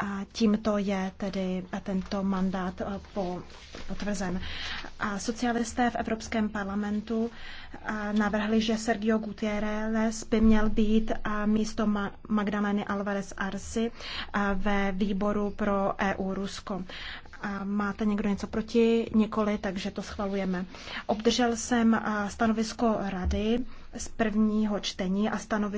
A tímto je tedy tento mandát eh, potvrzen. A socialisté v Evropském parlamentu eh, navrhli, že Sergio Gutiérrez by měl být eh, místo Magdaleny Alvarez Arsi ve výboru pro EU Rusko. A máte někdo něco proti? Nikoli, takže to schvalujeme. Obdržel jsem stanovisko rady z prvního čtení a stanovisko